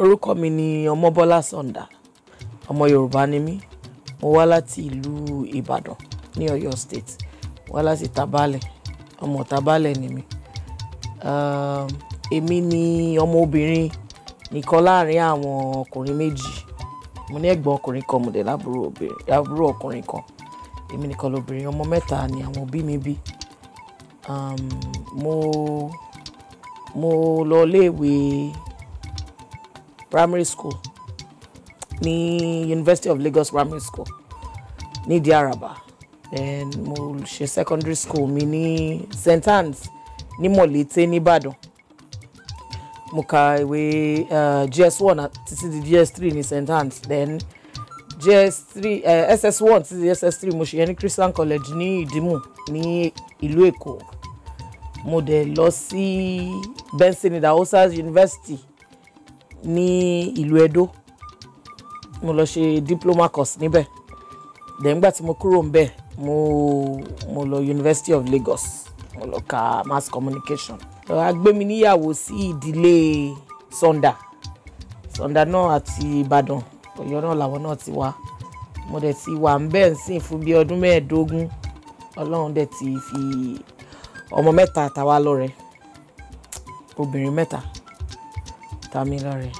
orúkọ mi ni ọmọbọ́lá sọ̀ndà ọmọ yorùbá ni mí mo wá láti ìlú ìbàdàn ní ọ̀yọ́ state wá láti tabalẹ̀ ọmọ tabalẹ̀ ni mí ehm, èmi ni ọmọ obìnrin nìkan láàrin àwọn ọkùnrin méjì mo ní ẹ̀gbọ́n ọkùnrin kan mo dẹ̀ lábúrò ọkùnrin kan èmi nìkan lóbìnrin ọmọ mẹ́ta ni àwọn òbí mi bí ehm, mo mo lọ léèwé primary school ní University of Lagos primary school ní Diaraba then mo ṣe secondary school mi ní St Anne's ní Mọ̀lété nìbàdàn mo ka ìwé eh, GS one 1 títí di JS3 ní St Anne's then GS three ss one títí di ss eh, three mo ṣe yẹn ní Christian College ní Ìdìmú ní ìlú Èkó mo dẹ̀ lọ sí Benson Idahosa University ní ìlú Ẹdó mo lọ ṣe diploma course níbẹ̀ then nígbà tí mo kúrò níbẹ̀ mo mo lọ University of Lagos mo lọ ka mass communication a gbé mi níyàwó sí ìdílé Sonda Sonda náà àti Ìbàdàn Ọ̀yọ́ náà làwọn náà ti wá mo dẹ̀ ti wà ń bẹ́ẹ̀ sìn fún bíi ọdún mẹ́ẹ̀ẹ́dógún ọlọ́run dẹ̀ ti fi ọmọ mẹ́ta àtàwa lọ́rẹ obìnrin mẹ́ta Damilare.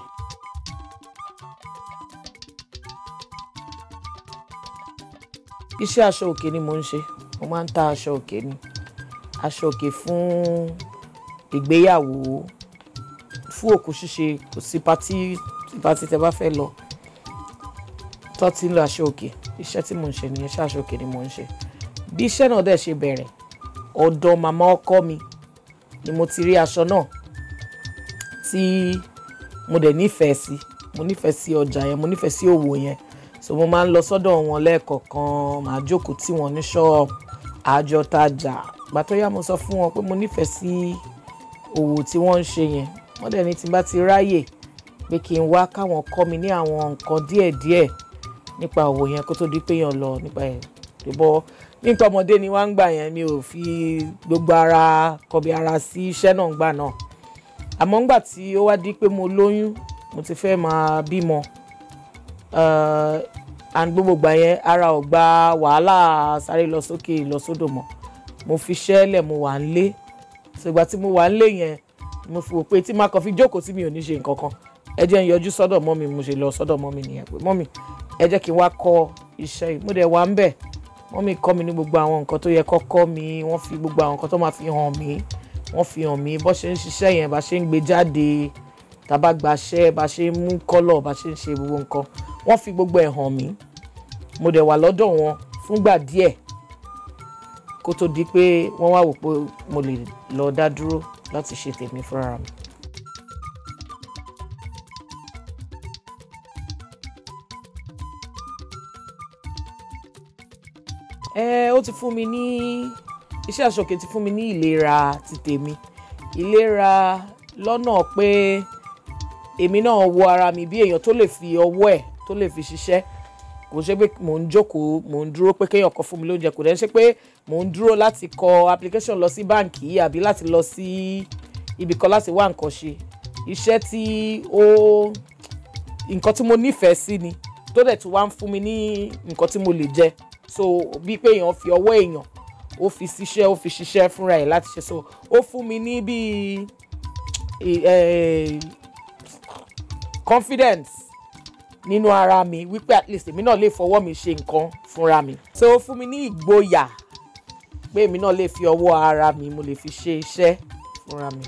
Iṣẹ́ aṣọ òkè ni mo ń ṣe. Mo máa ń ta aṣọ òkè ni. Aṣọ òkè fún ìgbéyàwó, fún òkú ṣíṣe, kò sí patí patí tẹ bá fẹ́ lọ. Tọ́ ti ń lo aṣọ òkè. Iṣẹ́ tí mo ń ṣe nìyẹn, iṣẹ́ aṣọ òkè ni mo ń ṣe. Bí iṣẹ́ náà dẹ̀ ṣe bẹ̀rẹ̀, ọ̀dọ̀ màmá ọkọ mi ni mo ti rí aṣọ náà tí mo dẹ̀ nífẹ̀ẹ́ sí mo nífẹ̀ẹ́ sí ọjà yẹn mo nífẹ̀ẹ́ sí òwò yẹn so mo máa ń lọ sọ́dọ̀ wọn lẹ́ẹ̀kọ̀ọ̀kan màá jókòó tí wọ́n ní ṣọ́ọ̀bù àjọ tajà gbàtọ́ yá mo sọ fún wọn pé mo nífẹ̀ẹ́ sí òwò tí wọ́n ń ṣe yẹn wọ́n dẹ̀ ní tí bá ti ráyè pé kí n wá káwọn kọ́ mi ní àwọn nǹkan díẹ̀díẹ̀ nípa òwò yẹn kó tó di pé yàn lọ nípa ẹ̀ tó bọ́ ọmọdé ni wọ́n ń gbà yẹn mi ò fi gbogbo ara kọbi àmọ́ ńgbà tí ó wá di pé mo lóyún mo ti fẹ́ máa bímọ eh, and gbogbo gbà yẹn ara ò gba wàhálà sáré lọ sókè lọ sódò mọ́ mo fi ṣẹ́lẹ̀ mo wà ń lé ṣùgbọ́n tí mo wà ń lé yẹn mo fi wò pé tí má kàn fi jókòó tí mi ò ní ṣe nǹkan kan ẹ jẹ́ ń yọjú sọ́dọ̀ mọ́mì mo ṣe lọ sọ́dọ̀ mọ́mì nìyẹn pé mọ́mì ẹ jẹ́ kí n wá kọ́ iṣẹ́ yìí mo dẹ̀ wá ń bẹ̀ mọ́mì kọ́ mi ní gbogbo àwọn nǹkan tó yẹ kọ́ kọ́ mi wọ́n fi gbogbo àwọn nǹkan tó máa fi hàn mí wọ́n fi hàn mí bó ṣe ń ṣiṣẹ́ yẹn bá ṣe ń gbé jáde tàbá gbaṣẹ́ bá ṣe ń mú kọ́lọ̀ bá ṣe ń ṣe gbogbo nǹkan wọ́n fi gbogbo ẹ̀ hàn mí mo dẹ̀ wà lọ́dọ̀ wọn fúngbà díẹ̀ kó tó di pé wọ́n wá wò pé mo lè lọ dá dúró láti ṣe tèmi fúnra mi. ẹ ó ti fún mi ní iṣẹ́ àṣọkè ti fún mi ní ìlera ti tèmi ìlera lọ́nà pé èmi náà wo ara mi bí èèyàn tó lè fi ọwọ́ ẹ̀ tó lè fi ṣiṣẹ́ kò ṣe pé mò ń jókòó mò ń dúró pé kéèyàn kan fún mi lóúnjẹ kò dẹ́n ṣe pé mò ń dúró láti kọ application lọ sí báǹkì àbí láti lọ sí ibì kan láti wá nǹkan ṣe iṣẹ́ tí ó nǹkan tí mo nífẹ̀ẹ́ sí ni tó dẹ̀ tún wá ń fún mi ní nǹkan tí mo lè jẹ so bíi pé èèyàn fi ọwọ́ èèyàn ó fi ṣiṣẹ́ ó fi ṣiṣẹ́ fúnra ẹ̀ láti ṣe so ó fún mi ní bíi confidence nínú ara mi wípé at least èmi náà lè fọwọ́ mi ṣe nǹkan fúnra mi so ó fún mi ní ìgboyà pé èmi náà lè fi ọwọ́ ara mi mo lè fi ṣe iṣẹ́ fúnra mi.